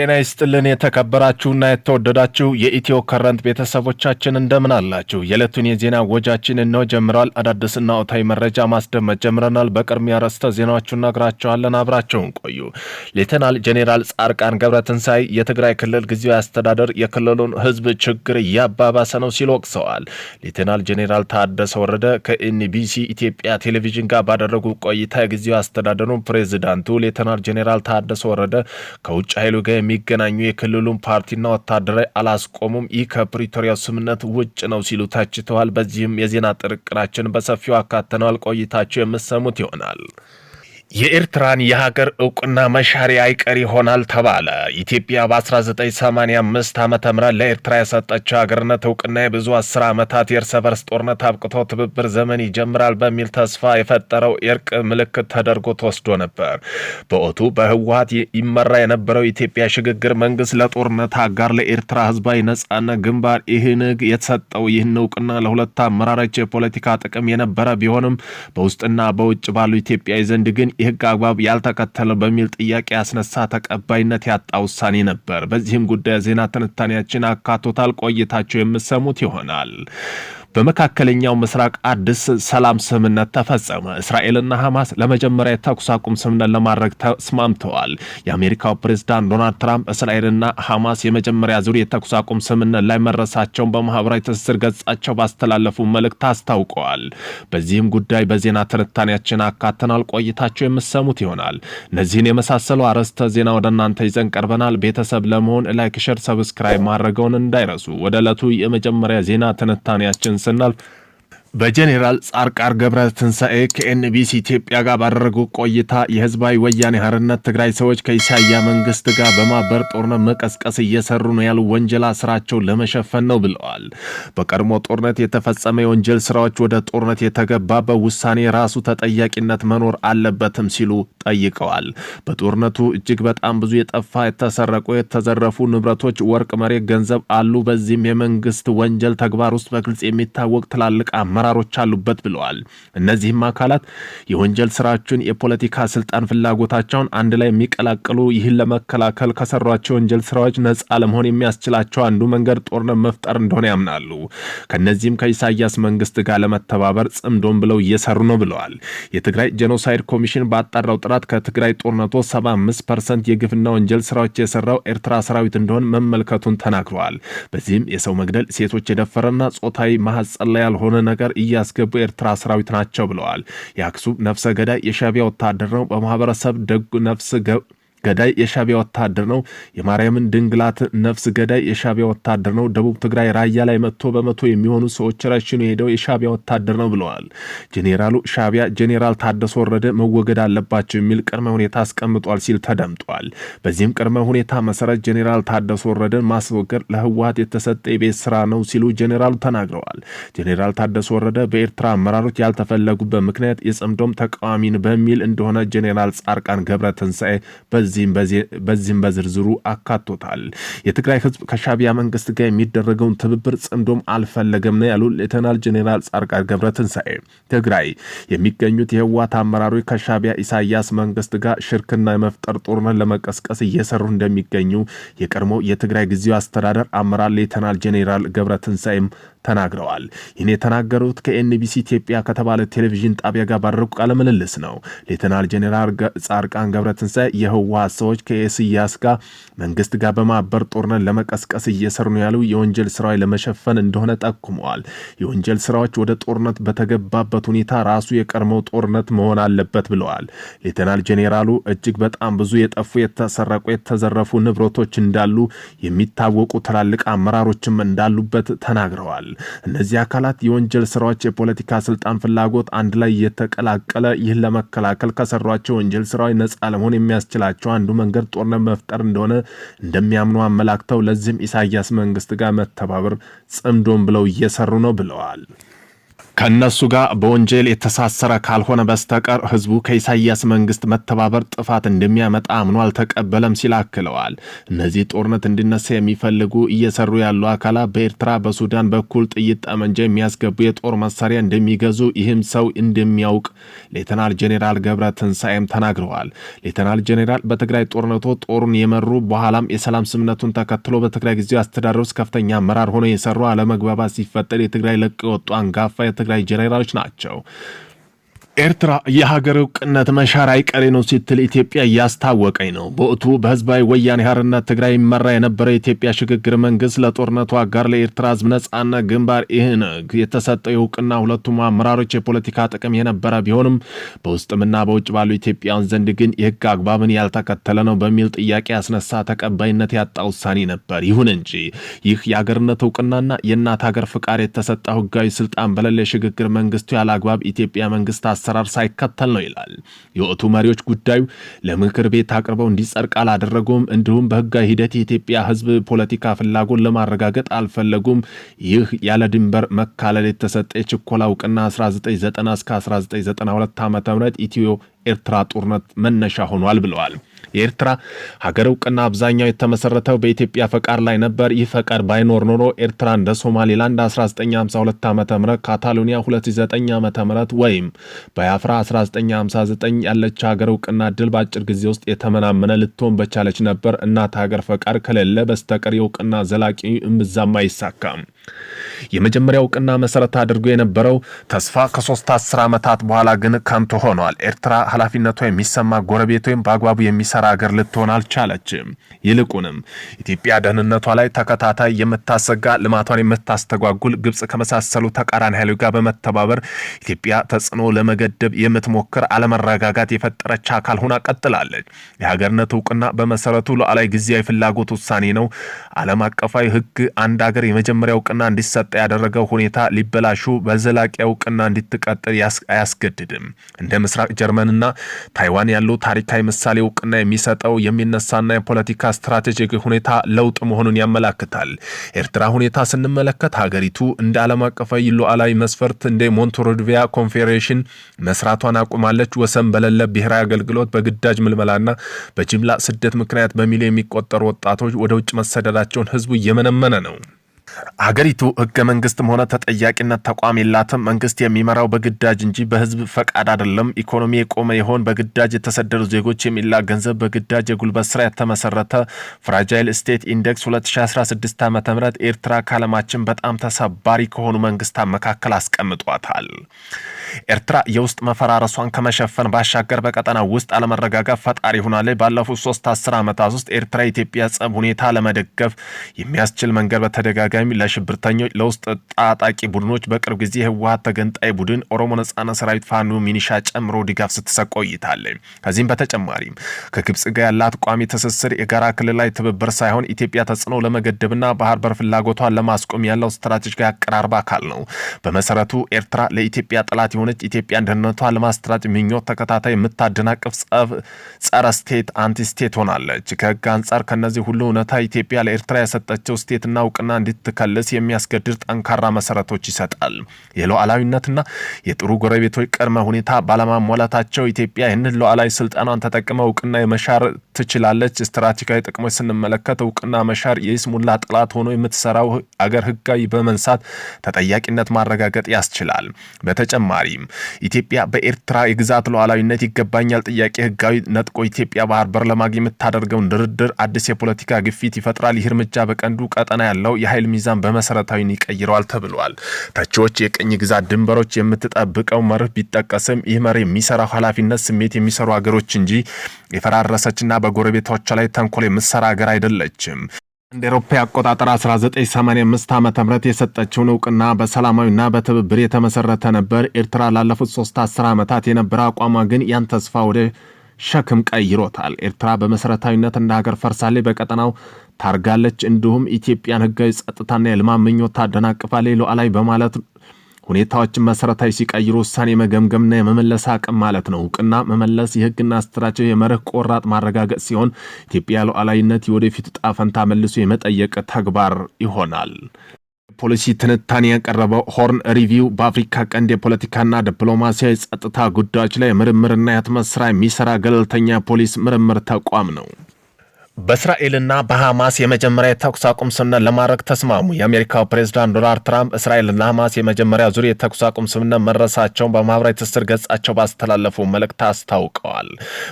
ጤና ይስጥልን የተከበራችሁና የተወደዳችሁ የኢትዮ ከረንት ቤተሰቦቻችን እንደምን አላችሁ? የዕለቱን የዜና ወጃችን እነው ጀምረዋል። አዳዲስና ወቅታዊ መረጃ ማስደመጥ ጀምረናል። በቅድሚያ ርዕሰ ዜናዎቹን እነግራችኋለን። አብራቸውን ቆዩ። ሌተናል ጄኔራል ጻድቃን ገብረትንሳኤ የትግራይ ክልል ጊዜያዊ አስተዳደር የክልሉን ሕዝብ ችግር እያባባሰ ነው ሲል ወቅሰዋል። ሌተናል ጄኔራል ታደሰ ወረደ ከኤንቢሲ ኢትዮጵያ ቴሌቪዥን ጋር ባደረጉ ቆይታ የጊዜያዊ አስተዳደሩን ፕሬዚዳንቱ ሌተናል ጄኔራል ታደሰ ወረደ ከውጭ ኃይሉ ጋር የሚገናኙ የክልሉን ፓርቲና ወታደራዊ አላስቆሙም፣ ይህ ከፕሪቶሪያው ስምምነት ውጭ ነው ሲሉ ተችተዋል። በዚህም የዜና ጥርቅራችን በሰፊው አካተነዋል። ቆይታቸው የምሰሙት ይሆናል። የኤርትራን የሀገር እውቅና መሻሪ አይቀር ይሆናል ተባለ። ኢትዮጵያ በ1985 ዓ ም ለኤርትራ የሰጠችው ሀገርነት እውቅና የብዙ አስር ዓመታት የእርስ በርስ ጦርነት አብቅቶ ትብብር ዘመን ይጀምራል በሚል ተስፋ የፈጠረው የእርቅ ምልክት ተደርጎ ተወስዶ ነበር። በወቅቱ በህወሀት ይመራ የነበረው የኢትዮጵያ ሽግግር መንግስት ለጦርነት አጋር ለኤርትራ ህዝባዊ ነጻነት ግንባር ኢህንግ የተሰጠው ይህን እውቅና ለሁለት አመራሮች የፖለቲካ ጥቅም የነበረ ቢሆንም በውስጥና በውጭ ባሉ ኢትዮጵያዊ ዘንድ ግን የህግ አግባብ ያልተከተለ በሚል ጥያቄ ያስነሳ ተቀባይነት ያጣ ውሳኔ ነበር። በዚህም ጉዳይ ዜና ትንታኔያችን አካቶታል። ቆይታቸው የምሰሙት ይሆናል። በመካከለኛው ምስራቅ አዲስ ሰላም ስምምነት ተፈጸመ። እስራኤልና ሐማስ ለመጀመሪያ የተኩስ አቁም ስምምነት ለማድረግ ተስማምተዋል። የአሜሪካው ፕሬዝዳንት ዶናልድ ትራምፕ እስራኤልና ሐማስ የመጀመሪያ ዙር የተኩስ አቁም ስምምነት ላይ መድረሳቸውን በማህበራዊ ትስስር ገጻቸው ባስተላለፉ መልእክት አስታውቀዋል። በዚህም ጉዳይ በዜና ትንታኔያችን አካተናል። ቆይታቸው የምሰሙት ይሆናል። እነዚህን የመሳሰሉ አርዕስተ ዜና ወደ እናንተ ይዘን ቀርበናል። ቤተሰብ ለመሆን ላይክ፣ ሸር፣ ሰብስክራይብ ማድረገውን እንዳይረሱ። ወደ ዕለቱ የመጀመሪያ ዜና ትንታኔያችን sen alp በጄኔራል ጻርቃር ገብረ ትንሣኤ ከኤንቢሲ ኢትዮጵያ ጋር ባደረጉ ቆይታ የህዝባዊ ወያኔ ሀርነት ትግራይ ሰዎች ከኢሳያ መንግስት ጋር በማበር ጦርነት መቀስቀስ እየሰሩ ነው ያሉ ወንጀላ ስራቸው ለመሸፈን ነው ብለዋል። በቀድሞ ጦርነት የተፈጸመ የወንጀል ስራዎች ወደ ጦርነት የተገባበት ውሳኔ ራሱ ተጠያቂነት መኖር አለበትም ሲሉ ጠይቀዋል። በጦርነቱ እጅግ በጣም ብዙ የጠፋ የተሰረቁ፣ የተዘረፉ ንብረቶች፣ ወርቅ፣ መሬት፣ ገንዘብ አሉ። በዚህም የመንግስት ወንጀል ተግባር ውስጥ በግልጽ የሚታወቅ ትላልቅ አማ አመራሮች አሉበት ብለዋል። እነዚህም አካላት የወንጀል ስራቸውን፣ የፖለቲካ ስልጣን ፍላጎታቸውን አንድ ላይ የሚቀላቀሉ ይህን ለመከላከል ከሰሯቸው የወንጀል ስራዎች ነጻ ለመሆን የሚያስችላቸው አንዱ መንገድ ጦርነት መፍጠር እንደሆነ ያምናሉ። ከነዚህም ከኢሳያስ መንግስት ጋር ለመተባበር ጽምዶን ብለው እየሰሩ ነው ብለዋል። የትግራይ ጄኖሳይድ ኮሚሽን ባጣራው ጥራት ከትግራይ ጦርነቶ 75 ፐርሰንት የግፍና ወንጀል ስራዎች የሰራው ኤርትራ ሰራዊት እንደሆን መመልከቱን ተናግረዋል። በዚህም የሰው መግደል፣ ሴቶች የደፈረና ጾታዊ ማህጸን ላይ ያልሆነ ነገር እያስገቡ የኤርትራ ሰራዊት ናቸው ብለዋል። የአክሱም ነፍሰ ገዳይ የሻቢያ ወታደር ነው። በማህበረሰብ ደጉ ነፍስ ገዳይ የሻቢያ ወታደር ነው። የማርያምን ድንግላት ነፍስ ገዳይ የሻቢያ ወታደር ነው። ደቡብ ትግራይ ራያ ላይ መጥቶ በመቶ የሚሆኑ ሰዎች ረሽኑ የሄደው የሻቢያ ወታደር ነው ብለዋል። ጄኔራሉ ሻቢያ ጄኔራል ታደሰ ወረደ መወገድ አለባቸው የሚል ቅድመ ሁኔታ አስቀምጧል ሲል ተደምጧል። በዚህም ቅድመ ሁኔታ መሰረት ጄኔራል ታደሰ ወረደን ማስወገድ ለህወሀት የተሰጠ የቤት ስራ ነው ሲሉ ጄኔራሉ ተናግረዋል። ጄኔራል ታደሰ ወረደ በኤርትራ አመራሮች ያልተፈለጉበት ምክንያት የጽምዶም ተቃዋሚን በሚል እንደሆነ ጄኔራል ጻድቃን ገብረ ትንሣኤ በዚ በዚህም በዝርዝሩ አካቶታል። የትግራይ ህዝብ ከሻቢያ መንግስት ጋር የሚደረገውን ትብብር ጽምዶም አልፈለገም ነው ያሉ ሌተናል ጄኔራል ጻድቃን ገብረ ትንሣኤ ትግራይ የሚገኙት የህወሓት አመራሮች ከሻቢያ ኢሳያስ መንግስት ጋር ሽርክና የመፍጠር ጦርነት ለመቀስቀስ እየሰሩ እንደሚገኙ የቀድሞ የትግራይ ጊዜው አስተዳደር አመራር ሌተናል ጄኔራል ገብረ ትንሣኤም ተናግረዋል። ይህን የተናገሩት ከኤንቢሲ ኢትዮጵያ ከተባለ ቴሌቪዥን ጣቢያ ጋር ባደረጉ ቃለ ምልልስ ነው። ሌተናል ጄኔራል ጻድቃን ገብረትንሳኤ የህወሓት ሰዎች ከኢሳያስ ጋር መንግስት ጋር በማበር ጦርነት ለመቀስቀስ እየሰሩ ነው ያሉ የወንጀል ስራዊ ለመሸፈን እንደሆነ ጠቁመዋል። የወንጀል ስራዎች ወደ ጦርነት በተገባበት ሁኔታ ራሱ የቀድሞው ጦርነት መሆን አለበት ብለዋል። ሌተናል ጄኔራሉ እጅግ በጣም ብዙ የጠፉ የተሰረቁ፣ የተዘረፉ ንብረቶች እንዳሉ የሚታወቁ ትላልቅ አመራሮችም እንዳሉበት ተናግረዋል። እነዚህ አካላት የወንጀል ስራዎች የፖለቲካ ስልጣን ፍላጎት አንድ ላይ የተቀላቀለ ይህን ለመከላከል ከሰሯቸው ወንጀል ስራዎች ነጻ ለመሆን የሚያስችላቸው አንዱ መንገድ ጦርነት መፍጠር እንደሆነ እንደሚያምኑ አመላክተው ለዚህም ኢሳያስ መንግስት ጋር መተባበር ጽምዶን ብለው እየሰሩ ነው ብለዋል። ከእነሱ ጋር በወንጀል የተሳሰረ ካልሆነ በስተቀር ህዝቡ ከኢሳያስ መንግስት መተባበር ጥፋት እንደሚያመጣ አምኖ አልተቀበለም ሲል አክለዋል። እነዚህ ጦርነት እንዲነሳ የሚፈልጉ እየሰሩ ያሉ አካላት በኤርትራ በሱዳን በኩል ጥይት፣ ጠመንጃ የሚያስገቡ የጦር መሳሪያ እንደሚገዙ ይህም ሰው እንደሚያውቅ ሌተናል ጄኔራል ገብረ ትንሳኤም ተናግረዋል። ሌተናል ጄኔራል በትግራይ ጦርነቶ ጦሩን የመሩ በኋላም የሰላም ስምነቱን ተከትሎ በትግራይ ጊዜ አስተዳደር ውስጥ ከፍተኛ አመራር ሆነው የሰሩ አለመግባባት ሲፈጠር የትግራይ ለቅ የወጡ አንጋፋ የትግራይ የትግራይ ጄኔራሎች ናቸው። ኤርትራ የሀገር እውቅነት መሻር አይቀሬ ነው ሲትል ኢትዮጵያ እያስታወቀኝ ነው። በወቅቱ በህዝባዊ ወያኔ ሀርነት ትግራይ ይመራ የነበረው የኢትዮጵያ ሽግግር መንግስት ለጦርነቱ አጋር ለኤርትራ ህዝብ ነጻነት ግንባር ኢህነግ የተሰጠው የእውቅና ሁለቱም አመራሮች የፖለቲካ ጥቅም የነበረ ቢሆንም በውስጥምና በውጭ ባሉ ኢትዮጵያውያን ዘንድ ግን የህግ አግባብን ያልተከተለ ነው በሚል ጥያቄ ያስነሳ ተቀባይነት ያጣ ውሳኔ ነበር። ይሁን እንጂ ይህ የአገርነት እውቅናና የእናት ሀገር ፍቃድ የተሰጠ ህጋዊ ስልጣን በሌለ የሽግግር መንግስቱ ያለ አግባብ ኢትዮጵያ መንግስት አሰራር ሳይከተል ነው ይላል። የወቅቱ መሪዎች ጉዳዩ ለምክር ቤት አቅርበው እንዲጸድቅ አላደረጉም፣ እንዲሁም በህጋዊ ሂደት የኢትዮጵያ ህዝብ ፖለቲካ ፍላጎን ለማረጋገጥ አልፈለጉም። ይህ ያለ ድንበር መካለል የተሰጠ የችኮላ እውቅና 1990 እስከ 1992 ዓ ም ኢትዮ ኤርትራ ጦርነት መነሻ ሆኗል ብለዋል። የኤርትራ ሀገር እውቅና አብዛኛው የተመሰረተው በኢትዮጵያ ፈቃድ ላይ ነበር። ይህ ፈቃድ ባይኖር ኖሮ ኤርትራ እንደ ሶማሌላንድ 1952 ዓ ም ካታሎኒያ 29 ዓ ም ወይም በያፍራ 1959 ያለች ሀገር እውቅና ድል በአጭር ጊዜ ውስጥ የተመናመነ ልትሆን በቻለች ነበር። እናት ሀገር ፈቃድ ከሌለ በስተቀር የእውቅና ዘላቂ እምብዛም አይሳካም። የመጀመሪያው እውቅና መሰረት አድርጎ የነበረው ተስፋ ከሶስት አስር ዓመታት በኋላ ግን ከንቱ ሆኗል። ኤርትራ ኃላፊነቷ የሚሰማ ጎረቤት ወይም በአግባቡ የሚሰራ አገር ልትሆን አልቻለችም። ይልቁንም ኢትዮጵያ ደህንነቷ ላይ ተከታታይ የምታሰጋ ልማቷን የምታስተጓጉል ግብፅ ከመሳሰሉ ተቃራኒ ኃይሎች ጋር በመተባበር ኢትዮጵያ ተጽዕኖ ለመገደብ የምትሞክር አለመረጋጋት የፈጠረች አካል ሆና ቀጥላለች። የሀገርነት እውቅና በመሰረቱ ሉዓላዊ ጊዜያዊ ፍላጎት ውሳኔ ነው። ዓለም አቀፋዊ ሕግ አንድ ሀገር የመጀመሪያው እውቅና እንዲሰጥ ያደረገው ሁኔታ ሊበላሹ በዘላቂ እውቅና እንዲትቀጥል አያስገድድም። እንደ ምስራቅ ጀርመንና ታይዋን ያሉ ታሪካዊ ምሳሌ እውቅና የሚሰጠው የሚነሳና የፖለቲካ ስትራቴጂክ ሁኔታ ለውጥ መሆኑን ያመላክታል። ኤርትራ ሁኔታ ስንመለከት ሀገሪቱ እንደ ዓለም አቀፋዊ ሉዓላዊ መስፈርት እንደ ሞንቶሮድቪያ ኮንፌዴሬሽን መስራቷን አቁማለች። ወሰን በሌለ ብሔራዊ አገልግሎት በግዳጅ ምልመላና በጅምላ ስደት ምክንያት በሚሊዮን የሚቆጠሩ ወጣቶች ወደ ውጭ መሰደዳቸውን ህዝቡ እየመነመነ ነው። አገሪቱ ህገ መንግስትም ሆነ ተጠያቂነት ተቋም የላትም። መንግስት የሚመራው በግዳጅ እንጂ በህዝብ ፈቃድ አይደለም። ኢኮኖሚ የቆመ ይሆን? በግዳጅ የተሰደዱ ዜጎች የሚላ ገንዘብ፣ በግዳጅ የጉልበት ስራ የተመሰረተ ፍራጃይል ስቴት ኢንዴክስ 2016 ዓ ም ኤርትራ ከዓለማችን በጣም ተሰባሪ ከሆኑ መንግስታት መካከል አስቀምጧታል። ኤርትራ የውስጥ መፈራረሷን ከመሸፈን ባሻገር በቀጠና ውስጥ አለመረጋጋት ፈጣሪ ሆናለች። ባለፉት ሶስት አስር ዓመታት ውስጥ ኤርትራ የኢትዮጵያ ጸብ ሁኔታ ለመደገፍ የሚያስችል መንገድ በተደጋጋሚ በተደጋጋሚ ለሽብርተኞች፣ ለውስጥ ታጣቂ ቡድኖች በቅርብ ጊዜ ህወሀት ተገንጣይ ቡድን ኦሮሞ ነጻነት ሰራዊት ፋኖ ሚኒሻ ጨምሮ ድጋፍ ስትሰጥ ቆይታለች። ከዚህም በተጨማሪም ከግብጽ ጋር ያላት ቋሚ ትስስር የጋራ ክልላዊ ትብብር ሳይሆን ኢትዮጵያ ተጽዕኖ ለመገደብና ባህር በር ፍላጎቷን ለማስቆም ያለው ስትራቴጂካዊ አቀራረብ አካል ነው። በመሰረቱ ኤርትራ ለኢትዮጵያ ጠላት የሆነች ኢትዮጵያ ደህንነቷን ለማስተራጭ ምኞት ተከታታይ የምታደናቅፍ ጸረ ስቴት አንቲ ስቴት ሆናለች። ከህግ አንጻር ከነዚህ ሁሉ እውነታ ኢትዮጵያ ለኤርትራ የሰጠችው ስቴትና እውቅና እንዲት እንድትከልስ የሚያስገድድ ጠንካራ መሰረቶች ይሰጣል። የሉዓላዊነትና የጥሩ ጎረቤቶች ቅድመ ሁኔታ ባለማሟላታቸው ኢትዮጵያ ይህንን ሉዓላዊ ስልጠናን ተጠቅመ እውቅና የመሻር ትችላለች። ስትራቴጂካዊ ጥቅሞች ስንመለከት እውቅና መሻር የይስሙላ ጠላት ሆኖ የምትሰራው አገር ህጋዊ በመንሳት ተጠያቂነት ማረጋገጥ ያስችላል። በተጨማሪም ኢትዮጵያ በኤርትራ የግዛት ሉዓላዊነት ይገባኛል ጥያቄ ህጋዊ ነጥቆ ኢትዮጵያ ባህር በር ለማግኘት የምታደርገውን ድርድር አዲስ የፖለቲካ ግፊት ይፈጥራል። ይህ እርምጃ በቀንዱ ቀጠና ያለው የኃይል ሚዛን በመሰረታዊ ይቀይረዋል ተብሏል። ተቺዎች የቅኝ ግዛት ድንበሮች የምትጠብቀው መርህ ቢጠቀስም ይህ መርህ የሚሰራው ኃላፊነት ስሜት የሚሰሩ አገሮች እንጂ የፈራረሰችና በጎረቤቶቿ ላይ ተንኮል የምትሰራ አገር አይደለችም። እንደ ኤሮፓ አቆጣጠር 1985 ዓ ም የሰጠችውን እውቅና በሰላማዊና በትብብር የተመሰረተ ነበር። ኤርትራ ላለፉት ሶስት አስር ዓመታት የነበረ አቋሟ ግን ያን ተስፋ ወደ ሸክም ቀይሮታል። ኤርትራ በመሰረታዊነት እንደ ሀገር ፈርሳሌ በቀጠናው ታርጋለች፣ እንዲሁም ኢትዮጵያን ህጋዊ ጸጥታና የልማት ምኞት ታደናቅፋሌ ሉዓላዊ በማለት ሁኔታዎችን መሰረታዊ ሲቀይሩ ውሳኔ መገምገምና የመመለስ አቅም ማለት ነው። እውቅና መመለስ የህግና ስትራቸው የመርህ ቆራጥ ማረጋገጥ ሲሆን ኢትዮጵያ ሉዓላዊነት የወደፊት ጣፈንታ መልሶ የመጠየቅ ተግባር ይሆናል። ፖሊሲ ትንታኔ ያቀረበው ሆርን ሪቪው በአፍሪካ ቀንድ የፖለቲካና ዲፕሎማሲያዊ ጸጥታ ጉዳዮች ላይ ምርምርና የህትመት ስራ የሚሰራ ገለልተኛ ፖሊስ ምርምር ተቋም ነው። በእስራኤልና በሐማስ የመጀመሪያ የተኩስ አቁም ስምምነት ለማድረግ ተስማሙ። የአሜሪካው ፕሬዚዳንት ዶናልድ ትራምፕ እስራኤልና ሐማስ የመጀመሪያ ዙር የተኩስ አቁም ስምምነት መድረሳቸውን በማኅበራዊ ትስስር ገጻቸው ባስተላለፉ መልእክት አስታውቀዋል።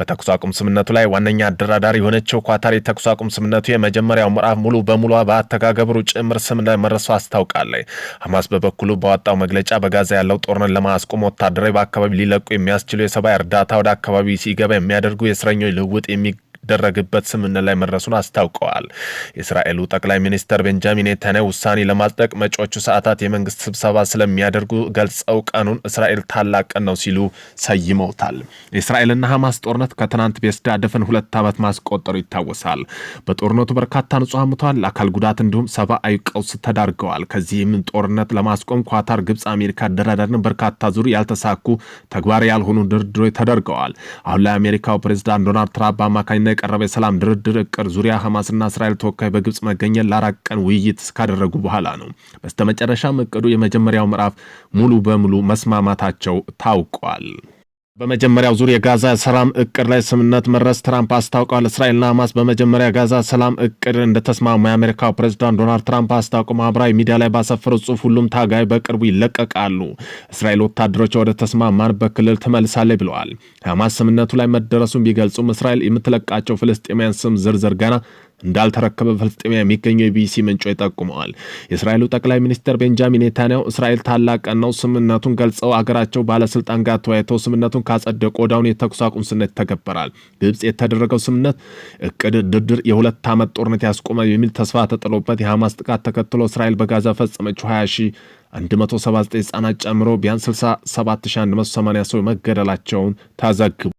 በተኩስ አቁም ስምምነቱ ላይ ዋነኛ አደራዳሪ የሆነችው ኳታር የተኩስ አቁም ስምምነቱ የመጀመሪያው ምዕራፍ ሙሉ በሙሉ በአተጋገብሩ ጭምር ላይ መድረሱ አስታውቃለች። ሐማስ በበኩሉ በወጣው መግለጫ በጋዛ ያለው ጦርነት ለማስቆም ወታደራዊ በአካባቢ ሊለቁ የሚያስችሉ የሰብአዊ እርዳታ ወደ አካባቢ ሲገባ የሚያደርጉ የእስረኞች ልውውጥ የሚ የሚደረግበት ስምምነት ላይ መድረሱን አስታውቀዋል። የእስራኤሉ ጠቅላይ ሚኒስትር ቤንጃሚን ኔታንያሁ ውሳኔ ለማጽደቅ መጪዎቹ ሰዓታት የመንግስት ስብሰባ ስለሚያደርጉ ገልጸው ቀኑን እስራኤል ታላቅ ቀን ነው ሲሉ ሰይመውታል። የእስራኤልና ሐማስ ጦርነት ከትናንት በስቲያ ድፍን ሁለት ዓመት ማስቆጠሩ ይታወሳል። በጦርነቱ በርካታ ንጹሐን ሙተዋል፣ ለአካል ጉዳት እንዲሁም ሰብአዊ ቀውስ ተዳርገዋል። ከዚህም ጦርነት ለማስቆም ኳታር፣ ግብፅ፣ አሜሪካ አደራዳሪን በርካታ ዙር ያልተሳኩ ተግባር ያልሆኑ ድርድሮች ተደርገዋል። አሁን ላይ አሜሪካው ፕሬዚዳንት ዶናልድ ትራምፕ አማካኝነት የቀረበ የሰላም ድርድር እቅድ ዙሪያ ሐማስና እስራኤል ተወካይ በግብፅ መገኘት ለአራት ቀን ውይይት ካደረጉ በኋላ ነው። በስተመጨረሻም እቅዱ የመጀመሪያው ምዕራፍ ሙሉ በሙሉ መስማማታቸው ታውቋል። በመጀመሪያው ዙር የጋዛ ሰላም እቅድ ላይ ስምምነት መድረስ ትራምፕ አስታውቀዋል። እስራኤልና ሐማስ በመጀመሪያ ጋዛ ሰላም እቅድ እንደተስማሙ የአሜሪካው ፕሬዚዳንት ዶናልድ ትራምፕ አስታውቀው ማህበራዊ ሚዲያ ላይ ባሰፈረው ጽሑፍ ሁሉም ታጋይ በቅርቡ ይለቀቃሉ፣ እስራኤል ወታደሮች ወደ ተስማማንበት ክልል ትመልሳለች ብለዋል። ሐማስ ስምምነቱ ላይ መደረሱን ቢገልጹም እስራኤል የምትለቃቸው ፍልስጤማውያን ስም ዝርዝር ገና እንዳልተረከበ ፍልስጤሚያ የሚገኘው የቢቢሲ ምንጮች ጠቁመዋል። የእስራኤሉ ጠቅላይ ሚኒስትር ቤንጃሚን ኔታንያሁ እስራኤል ታላቅ ቀን ነው ስምምነቱን ገልጸው አገራቸው ባለስልጣን ጋር ተወያይተው ስምምነቱን ካጸደቁ ወዲያውኑ የተኩስ አቁም ስምምነት ይተገበራል። ግብጽ የተደረገው ስምምነት እቅድ ድርድር የሁለት ዓመት ጦርነት ያስቆመ የሚል ተስፋ ተጥሎበት የሐማስ ጥቃት ተከትሎ እስራኤል በጋዛ ፈጸመችው 20 179 ህጻናት ጨምሮ ቢያንስ 67180 ሰው መገደላቸውን ተዘግቧል።